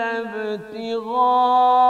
إلا ابتغاء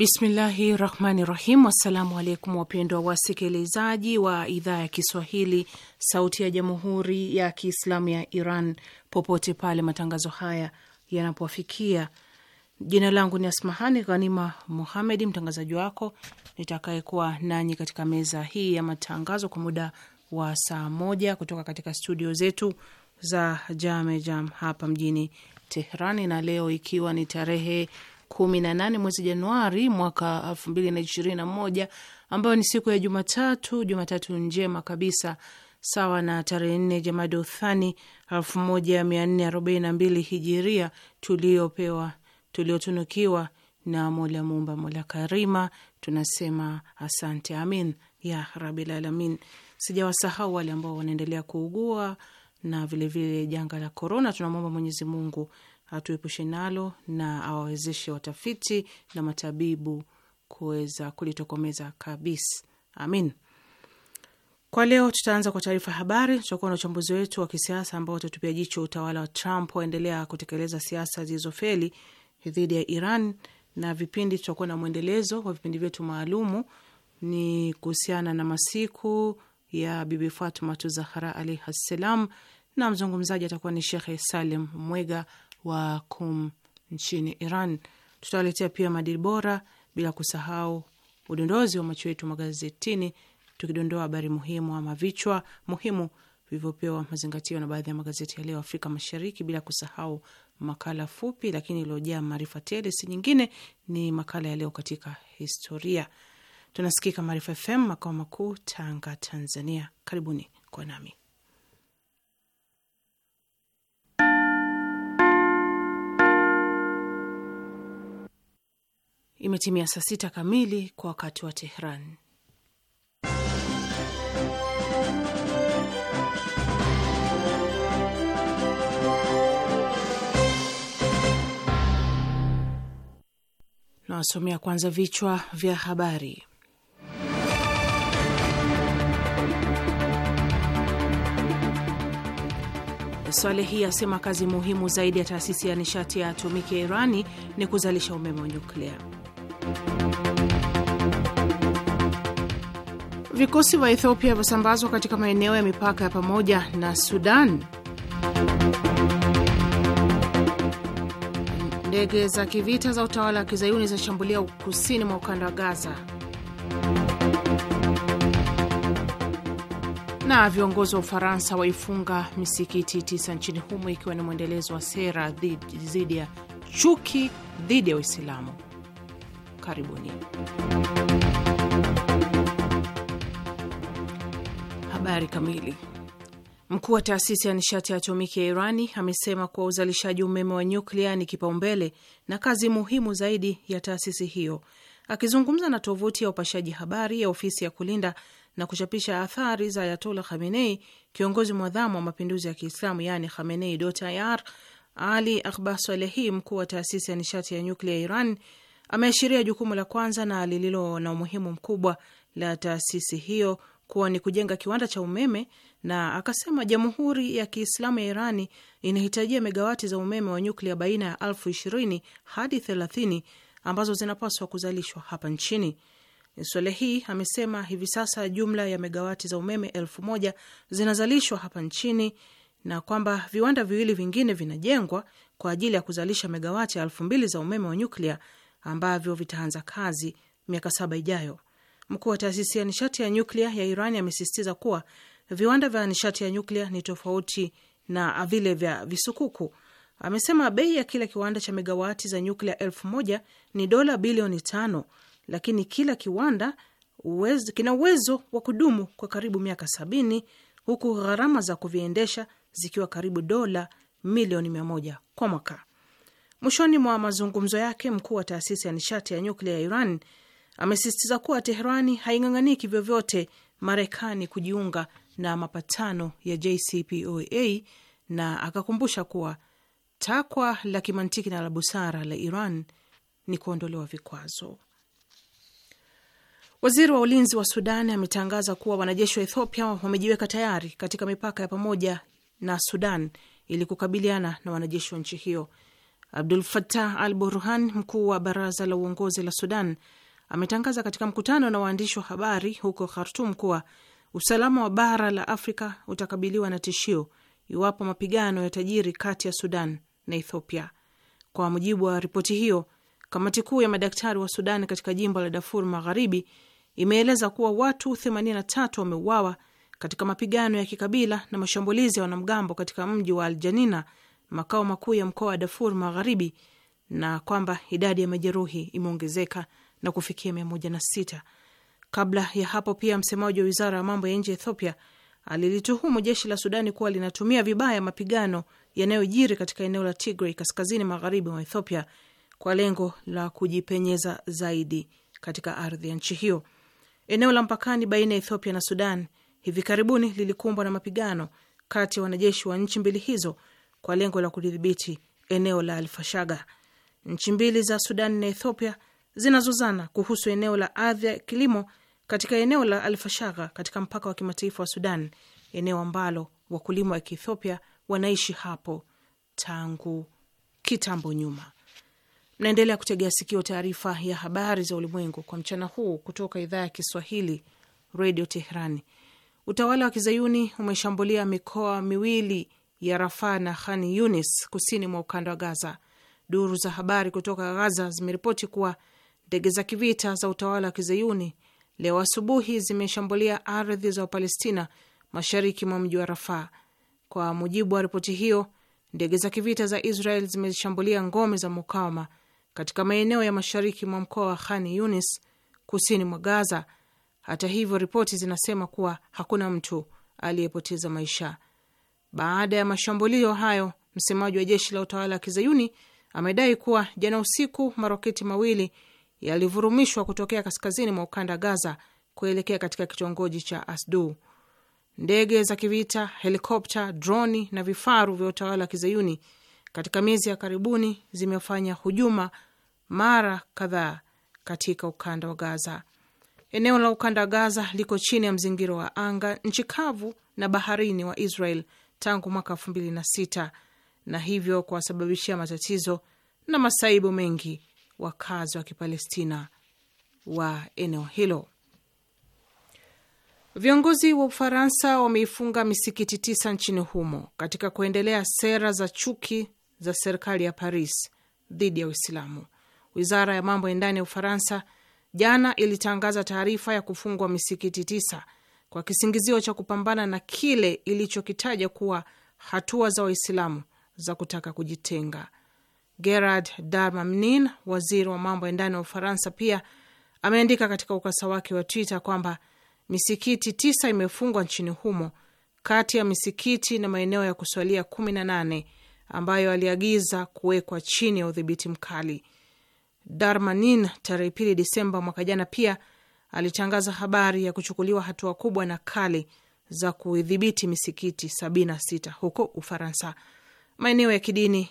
Bismillahi rahmani rahim. Assalamu alaikum wapendwa wasikilizaji wa idhaa ya Kiswahili sauti ya jamhuri ya Kiislamu ya Iran popote pale matangazo haya yanapowafikia. Jina langu ni Asmahani Ghanima Muhamedi, mtangazaji wako nitakayekuwa nanyi katika meza hii ya matangazo kwa muda wa saa moja kutoka katika studio zetu za Jamejam hapa mjini Teherani, na leo ikiwa ni tarehe 18 mwezi Januari mwaka 2021 ambayo ni siku ya Jumatatu, Jumatatu njema kabisa, sawa na tarehe 4 Jamadothani 1442 Hijiria, tuliopewa tuliotunukiwa na Mola Mumba, Mola Karima. Tunasema asante, amin ya rabil alamin. Sijawasahau wale ambao wanaendelea kuugua na vilevile vile janga la korona. Tunamwomba Mwenyezi Mungu atuepushe nalo na awawezeshe watafiti na matabibu kuweza kulitokomeza kabisa. Amin. Kwa leo tutaanza kwa taarifa habari. Tutakuwa na uchambuzi wetu wa kisiasa ambao utatupia jicho utawala wa Trump waendelea kutekeleza siasa zilizofeli dhidi ya Iran, na vipindi tutakuwa na mwendelezo wa vipindi vyetu maalumu ni kuhusiana na masiku ya Bibi Fatma tu Zahara alaihi ssalam, na mzungumzaji atakuwa ni Shekhe Salim Mwega wa kum nchini Iran. Tutawaletea pia madili bora, bila kusahau udondozi wa macho yetu magazetini, tukidondoa habari muhimu ama vichwa muhimu vilivyopewa mazingatio na baadhi ya magazeti ya leo Afrika Mashariki, bila kusahau makala fupi lakini iliyojaa maarifa tele. Si nyingine ni makala ya leo katika historia. Tunasikika Maarifa FM, makao makuu Tanga, Tanzania. Karibuni kwa nami Imetimia saa sita kamili kwa wakati wa Tehran. Nawasomea kwanza vichwa vya habari. Swalehi asema kazi muhimu zaidi ya taasisi ya nishati ya atomiki ya Irani ni kuzalisha umeme wa nyuklia. Vikosi vya Ethiopia vyasambazwa katika maeneo ya mipaka ya pamoja na Sudan. Ndege za kivita za utawala wa kizayuni zinashambulia kusini mwa ukanda wa Gaza. Na viongozi wa Ufaransa waifunga misikiti tisa nchini humo ikiwa ni mwendelezo wa sera dhidi ya chuki dhidi ya Uislamu. Karibuni. Habari kamili. Mkuu wa taasisi ya nishati ya atomiki ya Irani amesema kuwa uzalishaji umeme wa nyuklia ni kipaumbele na kazi muhimu zaidi ya taasisi hiyo. Akizungumza na tovuti ya upashaji habari ya ofisi ya kulinda na kuchapisha athari za Ayatola Khamenei, kiongozi mwadhamu wa mapinduzi ya Kiislamu yaani Khamenei.ir, Ali Akbar Salehi, mkuu wa taasisi ya nishati ya nyuklia ya Iran, Ameashiria jukumu la kwanza na lililo na umuhimu mkubwa la taasisi hiyo kuwa ni kujenga kiwanda cha umeme, na akasema Jamhuri ya Kiislamu ya Irani inahitajia megawati za umeme wa nyuklia baina ya elfu ishirini hadi thelathini ambazo zinapaswa kuzalishwa hapa nchini. hii amesema hivi sasa jumla ya megawati za umeme elfu moja zinazalishwa hapa nchini na kwamba viwanda viwili vingine vinajengwa kwa ajili ya kuzalisha megawati elfu mbili za umeme wa nyuklia ambavyo vitaanza kazi miaka saba ijayo. Mkuu wa taasisi ya nishati ya nyuklia ya Iran amesisitiza kuwa viwanda vya nishati ya nyuklia ni tofauti na vile vya visukuku. Amesema bei ya kila kiwanda cha megawati za nyuklia elfu moja ni dola bilioni tano, lakini kila kiwanda uwezo, kina uwezo wa kudumu kwa karibu miaka sabini huku gharama za kuviendesha zikiwa karibu dola milioni mia moja kwa mwaka. Mwishoni mwa mazungumzo yake, mkuu wa taasisi ya nishati ya nyuklia ya Iran amesisitiza kuwa Teherani hainganganiki vyovyote Marekani kujiunga na mapatano ya JCPOA na akakumbusha kuwa takwa la kimantiki na la busara la Iran ni kuondolewa vikwazo. Waziri wa ulinzi wa Sudan ametangaza kuwa wanajeshi wa Ethiopia wamejiweka tayari katika mipaka ya pamoja na Sudan ili kukabiliana na wanajeshi wa nchi hiyo. Abdul fatah al Burhan, mkuu wa baraza la uongozi la Sudan, ametangaza katika mkutano na waandishi wa habari huko Khartum kuwa usalama wa bara la Afrika utakabiliwa na tishio iwapo mapigano yatajiri kati ya Sudan na Ethiopia. Kwa mujibu wa ripoti hiyo, kamati kuu ya madaktari wa Sudan katika jimbo la Darfur Magharibi imeeleza kuwa watu 83 wameuawa katika mapigano ya kikabila na mashambulizi ya wanamgambo katika mji wa Aljanina makao makuu ya mkoa wa Darfur Magharibi, na kwamba idadi ya majeruhi imeongezeka na kufikia mia moja na sita. Kabla ya hapo pia msemaji wa wizara ya mambo ya nje ya Ethiopia alilituhumu jeshi la Sudani kuwa linatumia vibaya mapigano yanayojiri katika eneo la Tigray kaskazini magharibi mwa Ethiopia kwa lengo la kujipenyeza zaidi katika ardhi ya nchi hiyo. Eneo la mpakani baina ya Ethiopia na Sudan hivi karibuni lilikumbwa na mapigano kati ya wanajeshi wa nchi mbili hizo kwa lengo la kulidhibiti eneo la Alfashaga. Nchi mbili za Sudan na Ethiopia zinazozana kuhusu eneo la ardhi ya kilimo katika eneo la Alfashaga katika mpaka wa kimataifa wa Sudan, eneo ambalo wakulima wa Kiethiopia wanaishi hapo tangu kitambo nyuma. Mnaendelea kutegea sikio taarifa ya habari za ulimwengu kwa mchana huu kutoka idhaa ya Kiswahili, Redio Teherani. Utawala wa kizayuni umeshambulia mikoa miwili ya Rafaa na Khan Yunis kusini mwa ukanda wa Gaza. Duru za habari kutoka Gaza zimeripoti kuwa ndege za kivita za utawala wa kizayuni leo asubuhi zimeshambulia ardhi za Wapalestina mashariki mwa mji wa Rafaa. Kwa mujibu wa ripoti hiyo, ndege za kivita za Israel zimeshambulia ngome za mukawama katika maeneo ya mashariki mwa mkoa wa Khan Yunis kusini mwa Gaza. Hata hivyo, ripoti zinasema kuwa hakuna mtu aliyepoteza maisha. Baada ya mashambulio hayo, msemaji wa jeshi la utawala wa kizayuni amedai kuwa jana usiku maroketi mawili yalivurumishwa kutokea kaskazini mwa ukanda Gaza kuelekea katika kitongoji cha Asdu. Ndege za kivita, helikopta, droni na vifaru vya utawala wa kizayuni katika miezi ya karibuni zimefanya hujuma mara kadhaa katika ukanda wa Gaza. Eneo la ukanda wa Gaza liko chini ya mzingiro wa anga, nchi kavu na baharini wa Israel tangu mwaka elfu mbili na sita na hivyo kuwasababishia matatizo na masaibu mengi wakazi wa Kipalestina wa eneo hilo. Viongozi wa Ufaransa wameifunga misikiti tisa nchini humo katika kuendelea sera za chuki za serikali ya Paris dhidi ya Uislamu. Wizara ya mambo ya ndani ya Ufaransa jana ilitangaza taarifa ya kufungwa misikiti tisa kwa kisingizio cha kupambana na kile ilichokitaja kuwa hatua za Waislamu za kutaka kujitenga. Gerard Darmanin, waziri wa mambo ya ndani wa Ufaransa, pia ameandika katika ukasa wake wa Twitter kwamba misikiti tisa imefungwa nchini humo kati ya misikiti na maeneo ya kuswalia kumi na nane ambayo aliagiza kuwekwa chini ya udhibiti mkali. Darmanin tarehe pili Disemba mwaka jana pia alitangaza habari ya kuchukuliwa hatua kubwa na kali za kudhibiti misikiti 76 huko Ufaransa. Maeneo ya kidini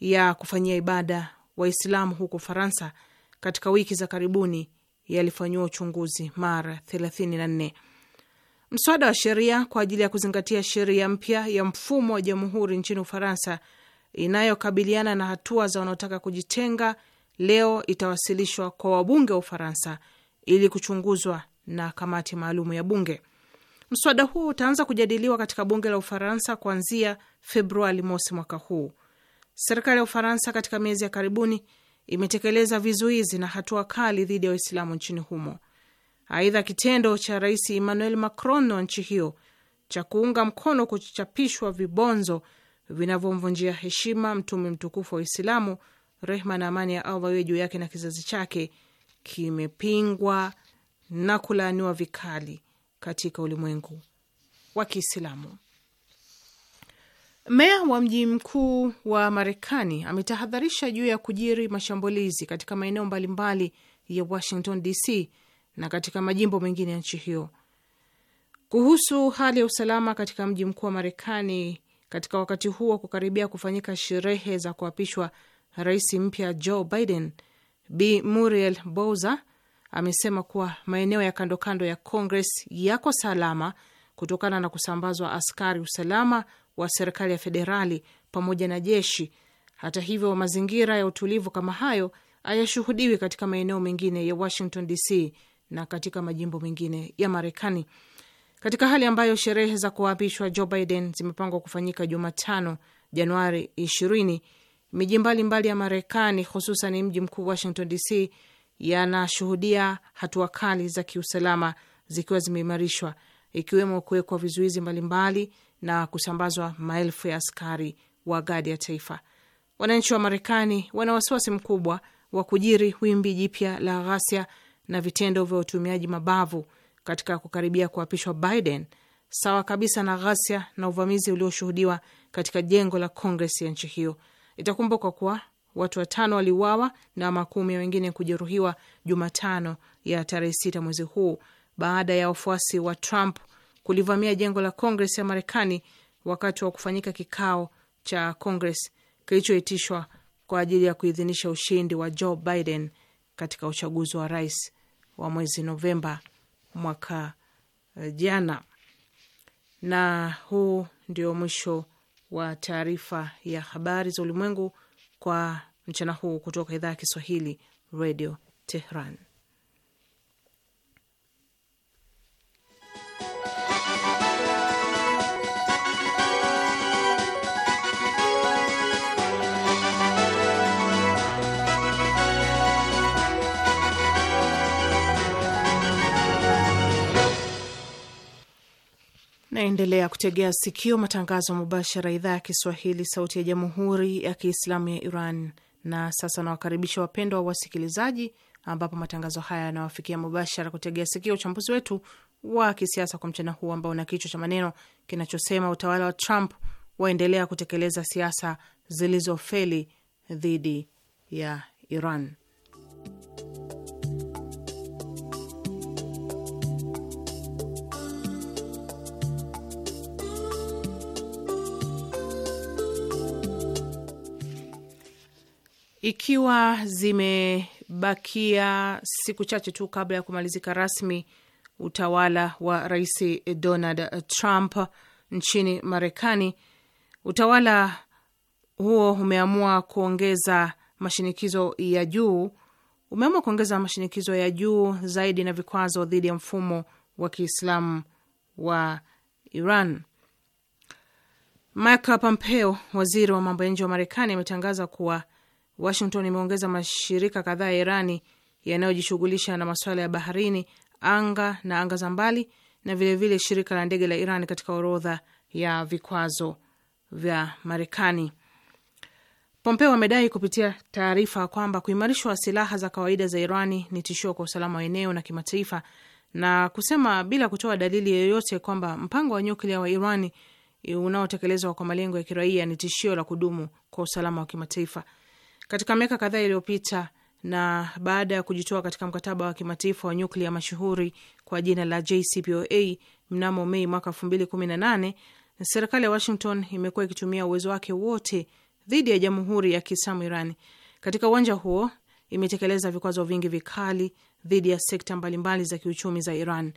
ya kufanyia ibada Waislamu huko Ufaransa katika wiki za karibuni yalifanyiwa uchunguzi mara 34. Mswada wa sheria kwa ajili ya kuzingatia sheria mpya ya mfumo wa jamhuri nchini Ufaransa inayokabiliana na hatua za wanaotaka kujitenga leo itawasilishwa kwa wabunge wa Ufaransa ili kuchunguzwa na kamati maalum ya bunge. Mswada huu utaanza kujadiliwa katika bunge la Ufaransa kuanzia Februari mosi mwaka huu. Serikali ya Ufaransa katika miezi ya karibuni imetekeleza vizuizi na hatua kali dhidi ya Waislamu nchini humo. Aidha, kitendo cha Rais Emmanuel Macron wa nchi hiyo cha kuunga mkono kuchapishwa vibonzo vinavyomvunjia heshima mtume mtukufu wa Uislamu, rehma na amani ya Allah iwe juu yake na kizazi chake, kimepingwa na kulaaniwa vikali katika ulimwengu wa Kiislamu. Meya wa mji mkuu wa Marekani ametahadharisha juu ya kujiri mashambulizi katika maeneo mbalimbali ya Washington DC na katika majimbo mengine ya nchi hiyo. Kuhusu hali ya usalama katika mji mkuu wa Marekani katika wakati huu wa kukaribia kufanyika sherehe za kuapishwa rais mpya Joe Biden, Bi Muriel Bowser amesema kuwa maeneo ya kando kando ya Congress yako salama kutokana na kusambazwa askari usalama wa serikali ya federali pamoja na jeshi. Hata hivyo, mazingira ya utulivu kama hayo hayashuhudiwi katika maeneo mengine ya Washington DC na katika majimbo mengine ya Marekani, katika hali ambayo sherehe za kuapishwa Joe Biden zimepangwa kufanyika Jumatano Januari 20 Miji mbalimbali ya Marekani, hususan mji mkuu Washington DC, yanashuhudia hatua kali za kiusalama zikiwa zimeimarishwa, ikiwemo kuwekwa vizuizi mbalimbali na kusambazwa maelfu ya askari wa gadi ya taifa. Wananchi wa Marekani wana wasiwasi mkubwa wa kujiri wimbi jipya la ghasia na vitendo vya utumiaji mabavu katika kukaribia kuapishwa Biden, sawa kabisa na ghasia na uvamizi ulioshuhudiwa katika jengo la Kongres ya nchi hiyo Itakumbukwa kuwa watu watano waliuawa na makumi wengine kujeruhiwa Jumatano ya tarehe sita mwezi huu baada ya wafuasi wa Trump kulivamia jengo la Kongres ya Marekani wakati wa kufanyika kikao cha Kongres kilichoitishwa kwa ajili ya kuidhinisha ushindi wa Joe Biden katika uchaguzi wa rais wa mwezi Novemba mwaka eh, jana. Na huu ndio mwisho wa taarifa ya habari za ulimwengu kwa mchana huu kutoka idhaa ya Kiswahili, Radio Tehran. Naendelea kutegea sikio matangazo mubashara ya idhaa ya Kiswahili, sauti ya jamhuri ya kiislamu ya Iran. Na sasa nawakaribisha wapendwa wa wasikilizaji, ambapo matangazo haya yanawafikia mubashara kutegea sikio uchambuzi wetu wa kisiasa kwa mchana huu ambao una kichwa cha maneno kinachosema utawala wa Trump waendelea kutekeleza siasa zilizofeli dhidi ya Iran. ikiwa zimebakia siku chache tu kabla ya kumalizika rasmi utawala wa Rais Donald Trump nchini Marekani, utawala huo umeamua kuongeza mashinikizo ya juu umeamua kuongeza mashinikizo ya juu zaidi na vikwazo dhidi ya mfumo wa Kiislamu wa Iran. Mike Pompeo, waziri wa mambo ya nje wa Marekani, ametangaza kuwa Washington imeongeza mashirika kadhaa ya Irani yanayojishughulisha na masuala ya baharini, anga na anga za mbali, na vilevile vile shirika la ndege la Iran katika orodha ya vikwazo vya Marekani. Pompeo amedai kupitia taarifa kwamba kuimarishwa silaha za kawaida za Irani ni tishio kwa usalama wa eneo na kimataifa, na kusema bila kutoa dalili yoyote kwamba mpango wa nyuklia wa Irani unaotekelezwa kwa malengo ya kiraia ni tishio la kudumu kwa usalama wa kimataifa katika miaka kadhaa iliyopita na baada ya kujitoa katika mkataba wa kimataifa wa nyuklia mashuhuri kwa jina la JCPOA mnamo Mei mwaka 2018, serikali ya Washington imekuwa ikitumia uwezo wake wote dhidi ya jamhuri ya Kiislamu Iran. Katika uwanja huo imetekeleza vikwazo vingi vikali dhidi ya sekta mbalimbali za kiuchumi za Iran.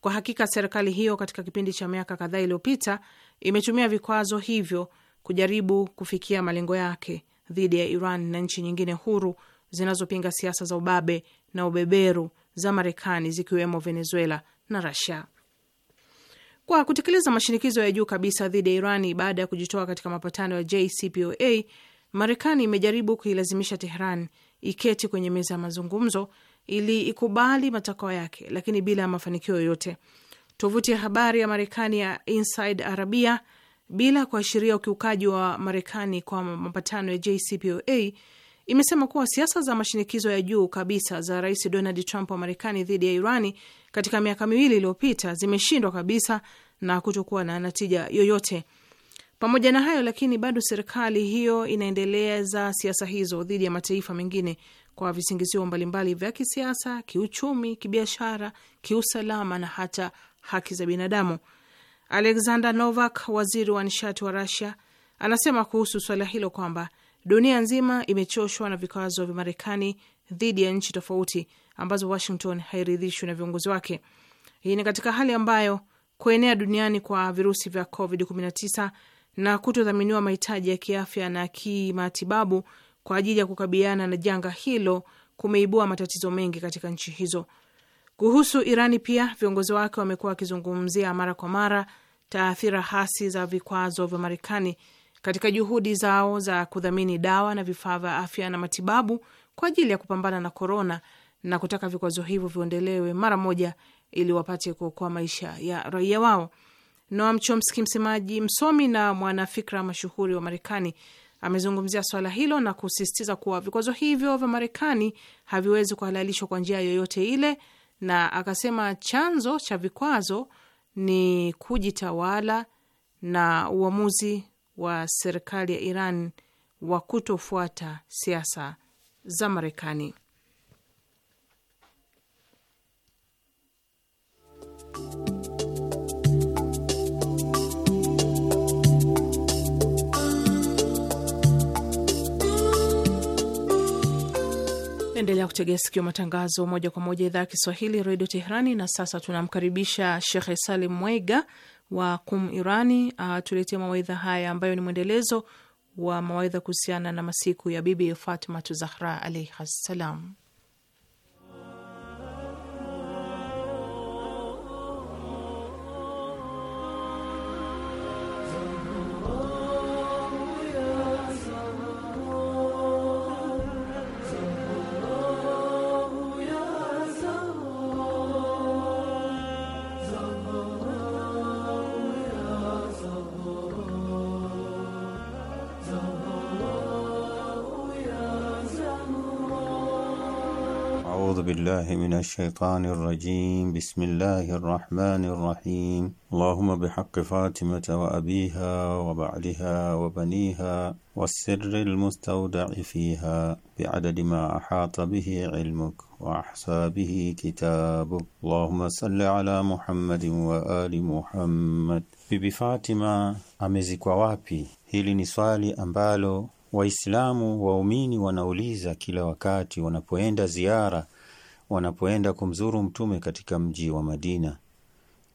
Kwa hakika, serikali hiyo katika kipindi cha miaka kadhaa iliyopita imetumia vikwazo hivyo kujaribu kufikia malengo yake dhidi ya Iran na nchi nyingine huru zinazopinga siasa za ubabe na ubeberu za Marekani zikiwemo Venezuela na Russia. Kwa kutekeleza mashinikizo ya juu kabisa dhidi ya Irani baada ya kujitoa katika mapatano ya JCPOA, Marekani imejaribu kuilazimisha Tehran iketi kwenye meza ya mazungumzo ili ikubali matakwa yake, lakini bila ya mafanikio yoyote. Tovuti ya habari ya Marekani ya Inside Arabia bila kuashiria ukiukaji wa Marekani kwa mapatano ya JCPOA, imesema kuwa siasa za mashinikizo ya juu kabisa za Rais Donald Trump wa Marekani dhidi ya Irani katika miaka miwili iliyopita zimeshindwa kabisa na kutokuwa na natija yoyote. Pamoja na hayo lakini, bado serikali hiyo inaendeleza siasa hizo dhidi ya mataifa mengine kwa visingizio mbalimbali vya kisiasa, kiuchumi, kibiashara, kiusalama na hata haki za binadamu. Alexander Novak, waziri wa nishati wa Rusia, anasema kuhusu suala hilo kwamba dunia nzima imechoshwa na vikwazo vya Marekani dhidi ya nchi tofauti ambazo Washington hairidhishwi na viongozi wake. Hii ni katika hali ambayo kuenea duniani kwa virusi vya COVID-19 na kutodhaminiwa mahitaji ya kiafya na kimatibabu kwa ajili ya kukabiliana na janga hilo kumeibua matatizo mengi katika nchi hizo. Kuhusu Irani pia viongozi wake wamekuwa wakizungumzia mara kwa mara taathira hasi za vikwazo vya Marekani katika juhudi zao za kudhamini dawa na vifaa vya afya na matibabu kwa ajili ya kupambana na korona na kutaka vikwazo hivyo viondelewe mara moja ili wapate kuokoa maisha ya raia wao. Noam Chomsky, msemaji msomi na mwanafikra mashuhuri wa Marekani, amezungumzia swala hilo na kusisitiza kuwa vikwazo hivyo vya Marekani haviwezi kuhalalishwa kwa njia yoyote ile, na akasema chanzo cha vikwazo ni kujitawala na uamuzi wa serikali ya Iran wa kutofuata siasa za Marekani. Endelea kutegea sikio matangazo moja kwa moja idhaa ya Kiswahili redio Teherani. Na sasa tunamkaribisha Shekhe Salim Mwega wa Kum Irani uh, mawaidha haya ambayo ni mwendelezo wa mawaidha kuhusiana na masiku ya Bibi Fatimatu Zahra alaihi ssalam. بالله من الشيطان الرجيم بسم الله الرحمن الرحيم اللهم بحق فاطمة وأبيها وبعدها وبنيها والسر المستودع فيها بعدد ما أحاط به علمك وأحصى به كتابك اللهم صل على محمد وآل محمد Bibi فاطمة أمزك ووابي Hili ni أمبالو ambalo Waislamu waumini wanauliza kila wakati wanapoenda ziara wanapoenda kumzuru mtume katika mji wa Madina.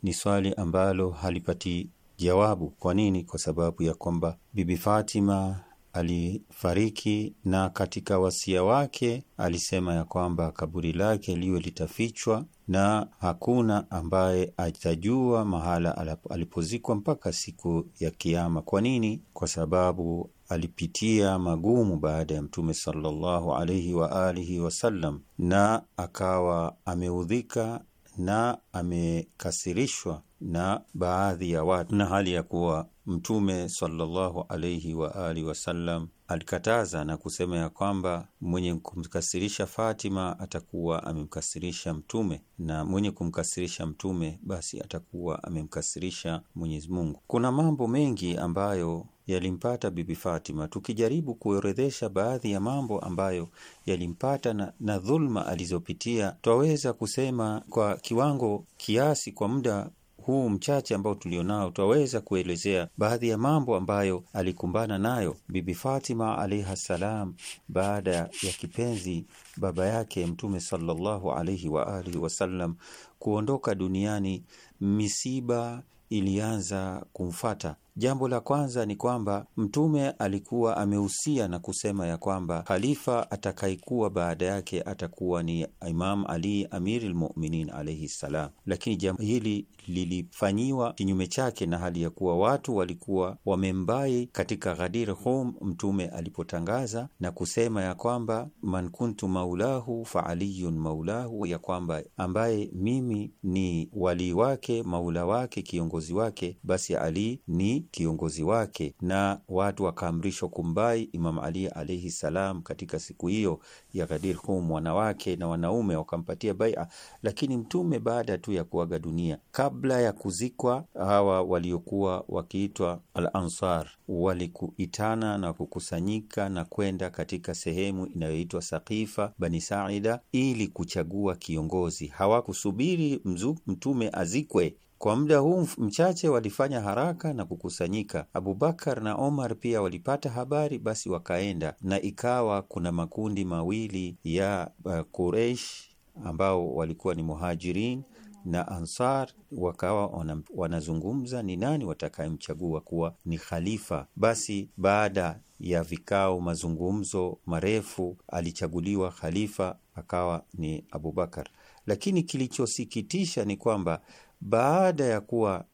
Ni swali ambalo halipati jawabu. Kwa nini? Kwa sababu ya kwamba Bibi Fatima alifariki na katika wasia wake alisema ya kwamba kaburi lake liwe litafichwa na hakuna ambaye atajua mahala alipozikwa mpaka siku ya Kiama. Kwa nini? Kwa sababu alipitia magumu baada ya Mtume sallallahu alaihi wa alihi wasallam, na akawa ameudhika na amekasirishwa na baadhi ya watu, na hali ya kuwa Mtume sallallahu alaihi wa alihi wasallam alikataza na kusema ya kwamba mwenye kumkasirisha Fatima atakuwa amemkasirisha Mtume, na mwenye kumkasirisha Mtume basi atakuwa amemkasirisha Mwenyezi Mungu. Kuna mambo mengi ambayo yalimpata Bibi Fatima, tukijaribu kuorodhesha baadhi ya mambo ambayo yalimpata na, na dhulma alizopitia, twaweza kusema kwa kiwango kiasi, kwa muda huu mchache ambao tulionao, twaweza kuelezea baadhi ya mambo ambayo alikumbana nayo Bibi Fatima alaihi ssalam, baada ya kipenzi baba yake Mtume sallallahu alaihi alihi wasallam kuondoka duniani, misiba ilianza kumfata Jambo la kwanza ni kwamba Mtume alikuwa amehusia na kusema ya kwamba khalifa atakayekuwa baada yake atakuwa ni Imam Ali Amirul lmuminin alaihi ssalam, lakini jambo hili lilifanyiwa kinyume chake, na hali ya kuwa watu walikuwa wamembai katika Ghadir Hum Mtume alipotangaza na kusema ya kwamba man kuntu maulahu fa aliyun maulahu, ya kwamba ambaye mimi ni walii wake, maula wake, kiongozi wake, basi Ali ni kiongozi wake, na watu wakaamrishwa kumbai Imam Ali alaihi salam katika siku hiyo ya Ghadir Hum. Wanawake na wanaume wakampatia baia, lakini Mtume baada tu ya kuaga dunia, kabla ya kuzikwa, hawa waliokuwa wakiitwa Al-Ansar walikuitana na kukusanyika na kwenda katika sehemu inayoitwa Sakifa Bani Saida ili kuchagua kiongozi. Hawakusubiri Mtume azikwe kwa muda huu mchache walifanya haraka na kukusanyika. Abubakar na Omar pia walipata habari, basi wakaenda, na ikawa kuna makundi mawili ya uh, eh, Quraish ambao walikuwa ni Muhajirin na Ansar wakawa wanazungumza ni nani watakayemchagua kuwa ni khalifa. Basi baada ya vikao, mazungumzo marefu, alichaguliwa khalifa akawa ni Abubakar. Lakini kilichosikitisha ni kwamba baada ya kuwa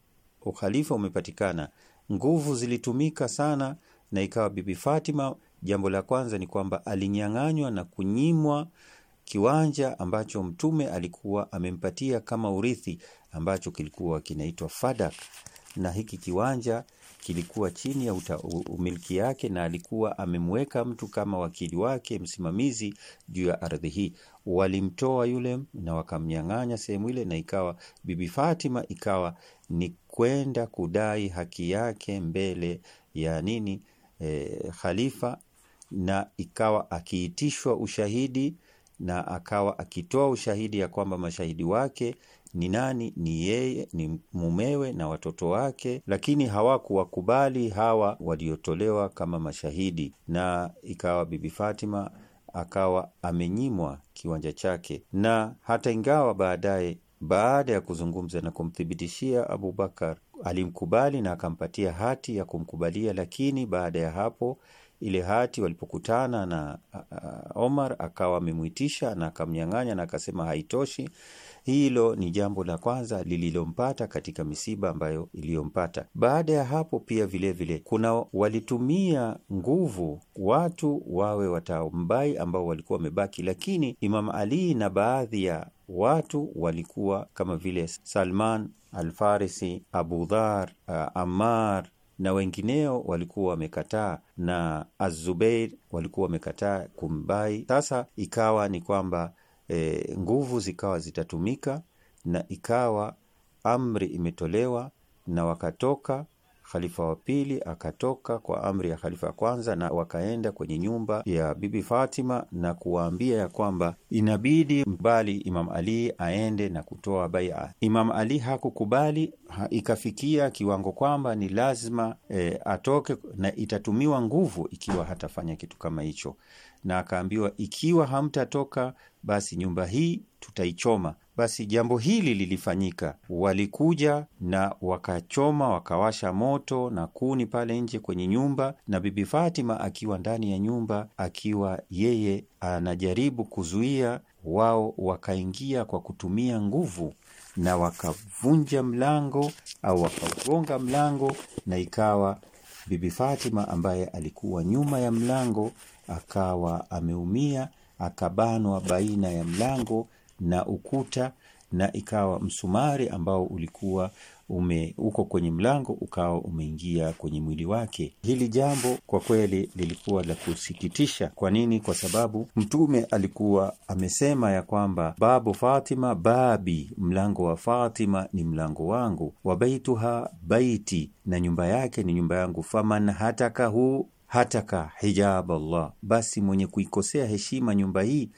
ukhalifa umepatikana, nguvu zilitumika sana na ikawa Bibi Fatima, jambo la kwanza ni kwamba alinyang'anywa na kunyimwa kiwanja ambacho Mtume alikuwa amempatia kama urithi, ambacho kilikuwa kinaitwa Fadak, na hiki kiwanja kilikuwa chini ya uta, umiliki yake, na alikuwa amemweka mtu kama wakili wake msimamizi juu ya ardhi hii walimtoa yule na wakamnyang'anya sehemu ile, na ikawa Bibi Fatima ikawa ni kwenda kudai haki yake mbele ya nini e, khalifa, na ikawa akiitishwa ushahidi na akawa akitoa ushahidi ya kwamba mashahidi wake ni nani? Ni yeye, ni mumewe na watoto wake, lakini hawakuwakubali hawa waliotolewa kama mashahidi, na ikawa Bibi Fatima akawa amenyimwa kiwanja chake, na hata ingawa baadaye, baada ya kuzungumza na kumthibitishia Abubakar, alimkubali na akampatia hati ya kumkubalia, lakini baada ya hapo ile hati walipokutana na Omar akawa amemwitisha na akamnyang'anya na akasema haitoshi, hilo ni jambo la kwanza lililompata katika misiba ambayo iliyompata. Baada ya hapo pia vilevile vile, kuna walitumia nguvu watu wawe watambai ambao walikuwa wamebaki, lakini Imam Ali na baadhi ya watu walikuwa kama vile Salman Alfarisi, Abu Dhar, uh, Ammar na wengineo walikuwa wamekataa na azubeir walikuwa wamekataa kumbai. Sasa ikawa ni kwamba e, nguvu zikawa zitatumika na ikawa amri imetolewa na wakatoka Khalifa wa pili akatoka kwa amri ya khalifa ya kwanza, na wakaenda kwenye nyumba ya Bibi Fatima na kuwaambia ya kwamba inabidi mbali Imam Ali aende na kutoa baia. Imam Ali hakukubali ha, ikafikia kiwango kwamba ni lazima e, atoke na itatumiwa nguvu ikiwa hatafanya kitu kama hicho na akaambiwa, ikiwa hamtatoka basi nyumba hii tutaichoma. Basi jambo hili lilifanyika, walikuja na wakachoma, wakawasha moto na kuni pale nje kwenye nyumba, na Bibi Fatima akiwa ndani ya nyumba, akiwa yeye anajaribu kuzuia, wao wakaingia kwa kutumia nguvu na wakavunja mlango au wakagonga mlango, na ikawa Bibi Fatima ambaye alikuwa nyuma ya mlango akawa ameumia, akabanwa baina ya mlango na ukuta, na ikawa msumari ambao ulikuwa ume uko kwenye mlango ukawa umeingia kwenye mwili wake. Hili jambo kwa kweli lilikuwa la kusikitisha. Kwa nini? Kwa sababu Mtume alikuwa amesema ya kwamba babu Fatima babi, mlango wa Fatima ni mlango wangu, wa baituha baiti, na nyumba yake ni nyumba yangu, faman hu hataka hijab Allah, basi mwenye kuikosea heshima nyumba hii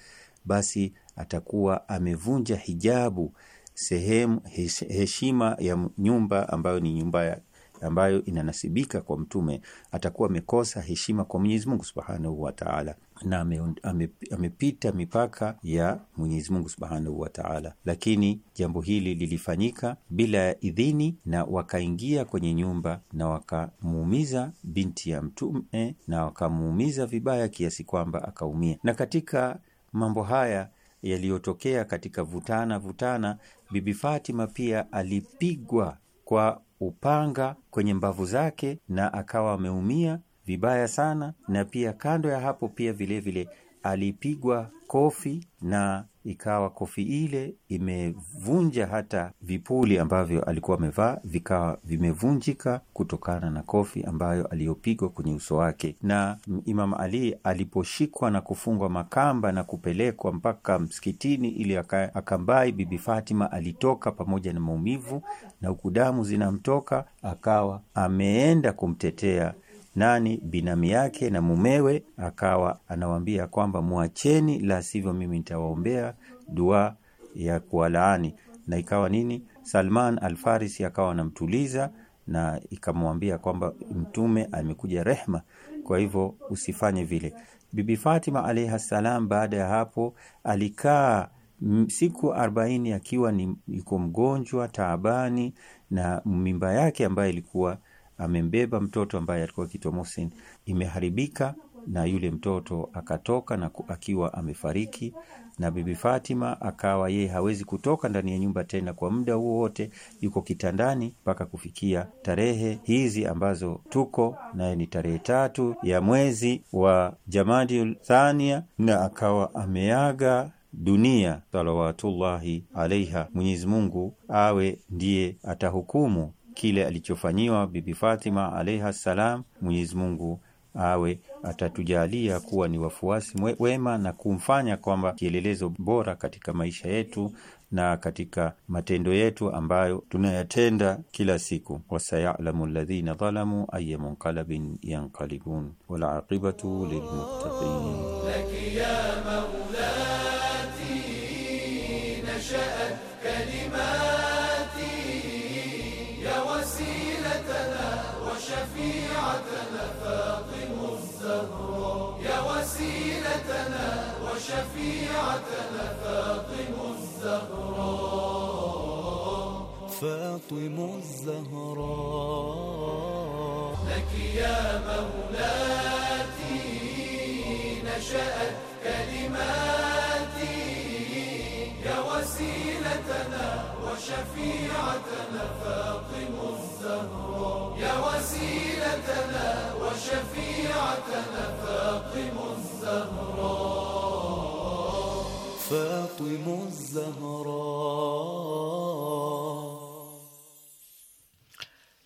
basi atakuwa amevunja hijabu sehemu heshima ya nyumba ambayo ni nyumba ya ambayo inanasibika kwa mtume atakuwa amekosa heshima kwa Mwenyezi Mungu Subhanahu wa Ta'ala, na amepita ame, ame mipaka ya Mwenyezi Mungu Subhanahu wa Ta'ala. Lakini jambo hili lilifanyika bila ya idhini, na wakaingia kwenye nyumba na wakamuumiza binti ya mtume na wakamuumiza vibaya kiasi kwamba akaumia. Na katika mambo haya yaliyotokea katika vutana vutana Bibi Fatima pia alipigwa kwa upanga kwenye mbavu zake na akawa ameumia vibaya sana, na pia kando ya hapo pia vilevile vile alipigwa kofi na ikawa kofi ile imevunja hata vipuli ambavyo alikuwa amevaa vikawa vimevunjika kutokana na kofi ambayo aliyopigwa kwenye uso wake. Na Imam Ali aliposhikwa na kufungwa makamba na kupelekwa mpaka msikitini ili akambai, Bibi Fatima alitoka pamoja na maumivu na huku damu zinamtoka, akawa ameenda kumtetea nani binamu yake na mumewe, akawa anawambia kwamba mwacheni, la sivyo mimi nitawaombea dua ya kuwalaani. Na ikawa nini, Salman Alfarisi akawa anamtuliza na ikamwambia kwamba mtume amekuja rehma, kwa hivyo usifanye vile. Bibi Fatima alaihi salam, baada ya hapo alikaa siku arobaini akiwa ni yuko mgonjwa taabani na mimba yake ambayo ilikuwa amembeba mtoto ambaye alikuwa akiitwa Mohsen imeharibika na yule mtoto akatoka na akiwa amefariki, na Bibi Fatima akawa yeye hawezi kutoka ndani ya nyumba tena kwa muda huo wote, yuko kitandani mpaka kufikia tarehe hizi ambazo tuko naye, ni tarehe tatu ya mwezi wa Jamadi Thania, na akawa ameaga dunia salawatullahi alaiha. Mwenyezi Mungu awe ndiye atahukumu kile alichofanyiwa Bibi Fatima alaihi ssalam. Mwenyezi Mungu awe atatujalia kuwa ni wafuasi wema na kumfanya kwamba kielelezo bora katika maisha yetu na katika matendo yetu ambayo tunayatenda kila siku. wasayalamu ladhina dhalamu aya munqalabin yanqalibun walaqibatu lilmuttaqin. وسيلتنا وشفيعتنا فاطم الزهراء فاطم الزهراء لك يا مولاتي نشأت كلماتي يا وسيلتنا وشفيعتنا فاطم الزهراء يا وسيلتنا وشفيعتنا فاطم فاطم الزهراء فاطم الزهراء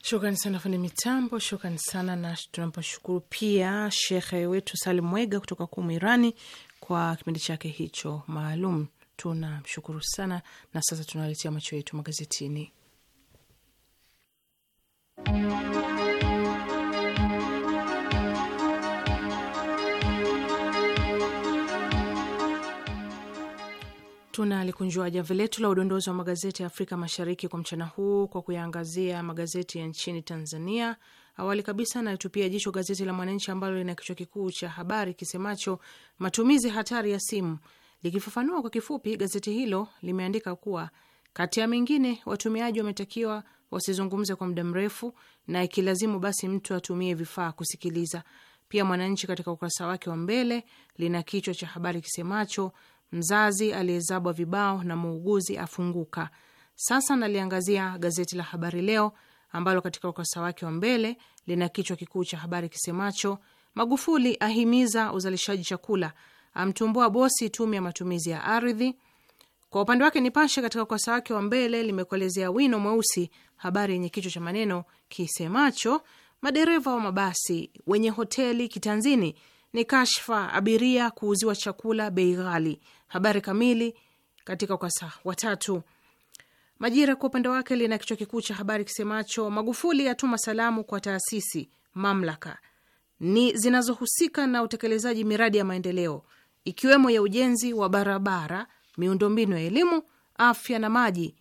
Shukrani sana fundi mitambo, shukrani sana na tunapashukuru pia shekhe wetu Salim Mwega kutoka Kumu, Irani, kwa kipindi chake hicho maalum. Tunamshukuru sana, na sasa tunaletea macho yetu magazetini. Tunalikunjua jamvi letu la udondozi wa magazeti ya Afrika Mashariki kwa mchana huu kwa kuyaangazia magazeti ya nchini Tanzania. Awali kabisa natupia jicho gazeti la Mwananchi ambalo lina kichwa kikuu cha habari kisemacho matumizi hatari ya simu. Likifafanua kwa kifupi, gazeti hilo limeandika kuwa kati ya mengine, watumiaji wametakiwa wasizungumze kwa muda mrefu, na ikilazimu basi mtu atumie vifaa kusikiliza. Pia Mwananchi katika ukurasa wake wa mbele lina kichwa cha habari kisemacho mzazi aliyezabwa vibao na muuguzi afunguka. Sasa naliangazia gazeti la Habari Leo ambalo katika ukurasa wake wa mbele lina kichwa kikuu cha habari kisemacho Magufuli ahimiza uzalishaji chakula, amtumbua bosi tume ya matumizi ya ardhi. Kwa upande wake Nipashe katika ukurasa wake wa mbele limekuelezea wino mweusi habari yenye kichwa cha maneno kisemacho madereva wa mabasi wenye hoteli kitanzini ni kashfa, abiria kuuziwa chakula bei ghali. Habari kamili katika ukurasa wa tatu. Majira kwa upande wake lina kichwa kikuu cha habari kisemacho Magufuli atuma salamu kwa taasisi mamlaka ni zinazohusika na utekelezaji miradi ya maendeleo ikiwemo ya ujenzi wa barabara, miundombinu ya elimu, afya na maji.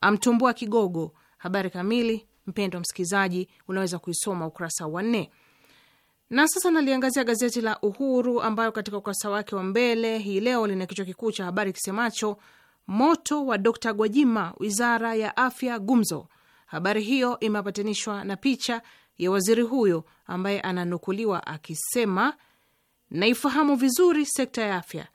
Amtumbua kigogo. Habari kamili, mpendo msikilizaji, unaweza kuisoma ukurasa wa nne. Na sasa naliangazia gazeti la Uhuru ambayo katika ukurasa wake wa mbele hii leo lina kichwa kikuu cha habari kisemacho moto wa d Gwajima, wizara ya afya gumzo. Habari hiyo imepatanishwa na picha ya waziri huyo ambaye ananukuliwa akisema, naifahamu vizuri sekta ya afya,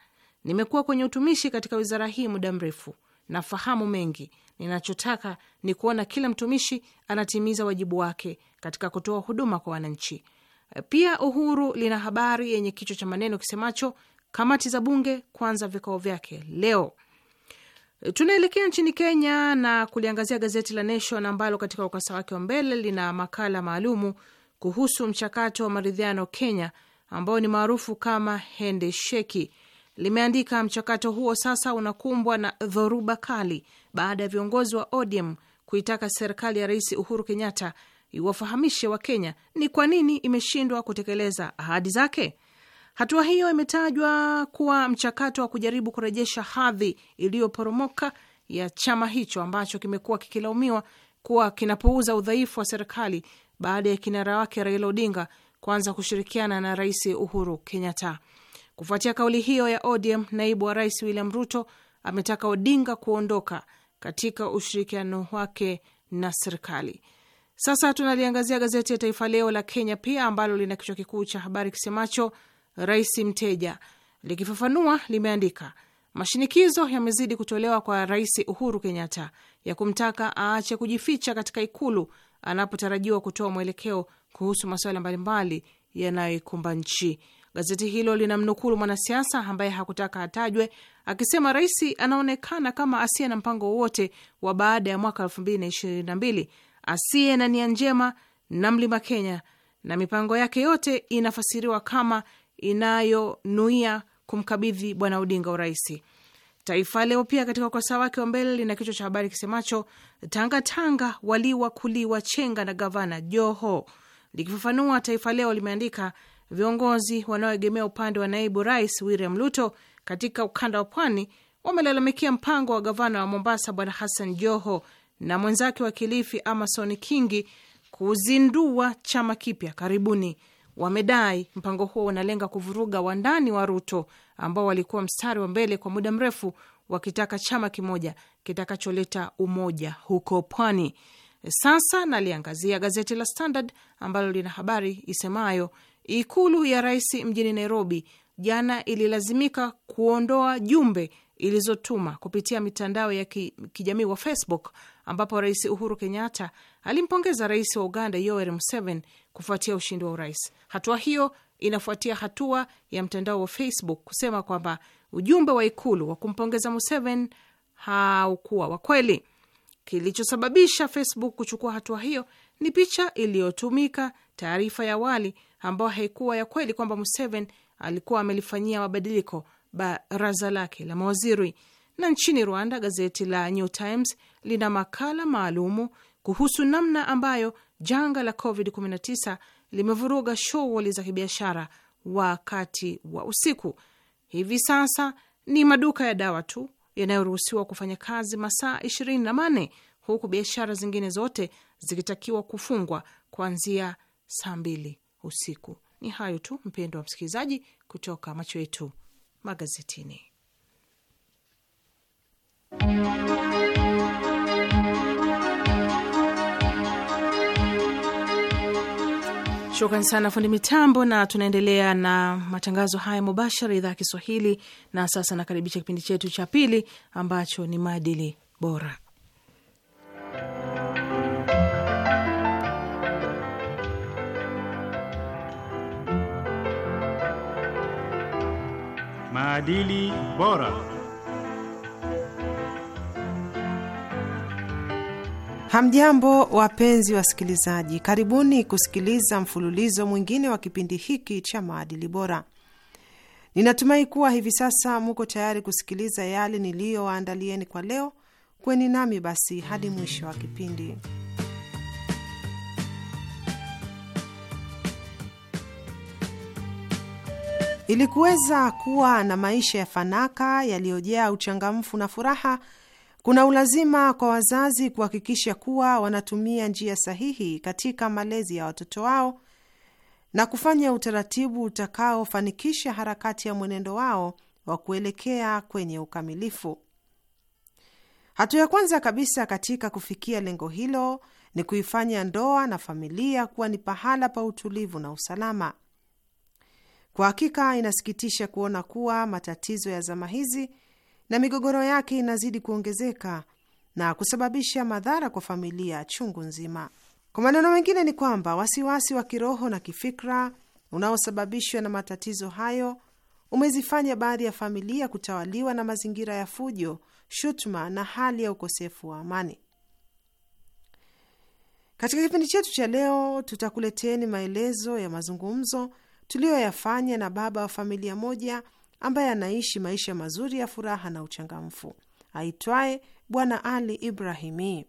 nimekuwa kwenye utumishi katika wizara hii muda mrefu, nafahamu mengi. Ninachotaka ni kuona kila mtumishi anatimiza wajibu wake katika kutoa huduma kwa wananchi. Eh, pia Uhuru lina habari yenye kichwa cha maneno kisemacho kamati za bunge kuanza vikao vyake leo. Eh, tunaelekea nchini Kenya na kuliangazia gazeti la Nation ambalo katika ukasa wake wa mbele lina makala maalumu kuhusu mchakato wa maridhiano Kenya ambao ni maarufu kama sheki. Limeandika mchakato huo sasa unakumbwa na dhoruba kali baada ya viongozi wa ODM kuitaka serikali ya Rais Uhuru Kenyatta iwafahamishe Wakenya ni kwa nini imeshindwa kutekeleza ahadi zake. Hatua hiyo imetajwa kuwa mchakato wa kujaribu kurejesha hadhi iliyoporomoka ya chama hicho ambacho kimekuwa kikilaumiwa kuwa kinapuuza udhaifu wa serikali baada ya kinara wake Raila Odinga kuanza kushirikiana na Rais Uhuru Kenyatta. Kufuatia kauli hiyo ya ODM, naibu wa rais William Ruto ametaka Odinga kuondoka katika ushirikiano wake na serikali. Sasa tunaliangazia gazeti ya Taifa Leo la Kenya pia ambalo lina kichwa kikuu cha habari kisemacho Rais mteja. Likifafanua, limeandika mashinikizo yamezidi kutolewa kwa Rais Uhuru Kenyatta ya kumtaka aache kujificha katika Ikulu anapotarajiwa kutoa mwelekeo kuhusu masuala mbalimbali yanayoikumba nchi. Gazeti hilo linamnukulu mwanasiasa ambaye hakutaka atajwe akisema rais anaonekana kama asiye na mpango wowote wa baada ya mwaka elfu mbili na ishirini na mbili asiye na nia njema na mlima Kenya, na mipango yake yote inafasiriwa kama inayonuia kumkabidhi Bwana Odinga uraisi. Taifa Leo pia katika ukurasa wake wa mbele lina kichwa cha habari kisemacho tangatanga waliwa kuliwa chenga na gavana Joho. Likifafanua, Taifa Leo limeandika viongozi wanaoegemea upande wa naibu rais William Ruto katika ukanda wa pwani wamelalamikia mpango wa gavana wa Mombasa Bwana Hassan Joho na mwenzake wa Kilifi Amason Kingi kuzindua chama kipya karibuni. Wamedai mpango huo unalenga kuvuruga wandani wa Ruto ambao walikuwa mstari wa mbele kwa muda mrefu wakitaka chama kimoja kitakacholeta umoja huko pwani. Sasa naliangazia gazeti la Standard ambalo lina habari isemayo ikulu ya rais mjini Nairobi jana ililazimika kuondoa jumbe ilizotuma kupitia mitandao ya ki, kijamii wa Facebook ambapo Rais Uhuru Kenyatta alimpongeza rais wa Uganda Yoweri Museveni kufuatia ushindi wa urais. Hatua hiyo inafuatia hatua ya mtandao wa Facebook kusema kwamba ujumbe wa ikulu wa kumpongeza Museveni haukuwa wa kweli. Kilichosababisha Facebook kuchukua hatua hiyo ni picha iliyotumika, taarifa ya awali ambayo haikuwa ya kweli kwamba Museveni alikuwa amelifanyia mabadiliko baraza lake la mawaziri. Na nchini Rwanda, gazeti la New Times lina makala maalumu kuhusu namna ambayo janga la COVID-19 limevuruga shughuli za kibiashara wakati wa usiku. Hivi sasa ni maduka ya dawa tu yanayoruhusiwa kufanya kazi masaa 24 huku biashara zingine zote zikitakiwa kufungwa kuanzia saa mbili usiku. Ni hayo tu mpendo wa msikilizaji, kutoka macho yetu magazetini. Shukrani sana fundi mitambo, na tunaendelea na matangazo haya mubashara, idhaa ya Kiswahili. Na sasa nakaribisha kipindi chetu cha pili ambacho ni maadili bora. Maadili bora. Hamjambo, wapenzi wasikilizaji, karibuni kusikiliza mfululizo mwingine wa kipindi hiki cha maadili bora. Ninatumai kuwa hivi sasa muko tayari kusikiliza yale niliyowaandalieni kwa leo. Kweni nami basi hadi mwisho wa kipindi. Ili kuweza kuwa na maisha ya fanaka yaliyojaa uchangamfu na furaha, kuna ulazima kwa wazazi kuhakikisha kuwa wanatumia njia sahihi katika malezi ya watoto wao na kufanya utaratibu utakaofanikisha harakati ya mwenendo wao wa kuelekea kwenye ukamilifu. Hatua ya kwanza kabisa katika kufikia lengo hilo ni kuifanya ndoa na familia kuwa ni pahala pa utulivu na usalama. Kwa hakika inasikitisha kuona kuwa matatizo ya zama hizi na migogoro yake inazidi kuongezeka na kusababisha madhara kwa familia chungu nzima. Kwa maneno mengine, ni kwamba wasiwasi wa kiroho na kifikra unaosababishwa na matatizo hayo umezifanya baadhi ya familia kutawaliwa na mazingira ya fujo, shutuma na hali ya ukosefu wa amani. Katika kipindi chetu cha leo, tutakuleteni maelezo ya mazungumzo tuliyoyafanya na baba wa familia moja ambaye anaishi maisha mazuri ya furaha na uchangamfu aitwaye Bwana Ali Ibrahimi.